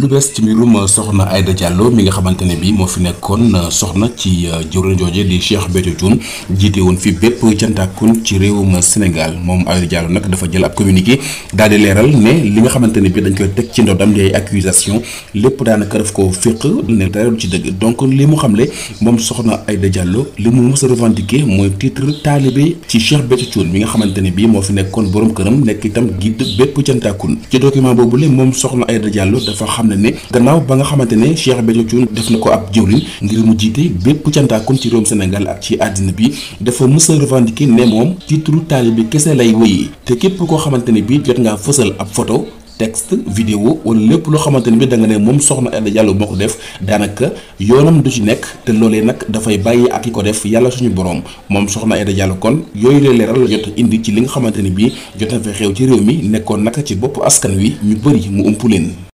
lu bees ci mbirum soxna Aïda Diallo mi nga xamante ne bii moo fi nekkoon soxna ci euh, jëwriñ jooje di Cheikh Béthio Thioune jiite woon fi bépp cantaakun ci réewum Sénégal moom Aïda Diallo nag dafa jël ab communiqué di leeral ne li nga xamante ne bii dañ koy teg ci ndodam di ay accusation lépp daanaka daf ko féq ne dara du ci dëgg donc li mu xamle moom soxna Aïda Diallo li mu mës a revendiquer mooy titre taalibe ci Cheikh Béthio Thioune mi nga xamante ne bii moo fi nekkoon borom këram nekk itam guide bépp cantaakun ci document boobu le moom soxna Aïda Diallo dafa xam xam ne gannaaw ba nga xamante ne Cheikh Béthio Thioune def na ko ab jëwriñ ngir mu jiite bépp cantaakoon ci réewum Sénégal ak ci àddina bi dafa mës a revendiquer ne moom ci turu taalibe kese lay wéyee te képp koo xamante ne bii jot ngaa fësal ab photo texte vidéo wala lépp loo xamante ne bi da nga ne moom soxna Aida Diallo moo ko def daanaka yoonam du ci nekk te loolee nag dafay bàyyi ak ki ko def yàlla suñu borom moom soxna Aida Diallo kon yooyu la leeral la indi ci li nga xamante ne bii jot na fa xew ci réew mi nekkoon naka ci bopp askan wi ñu bëri mu ump leen.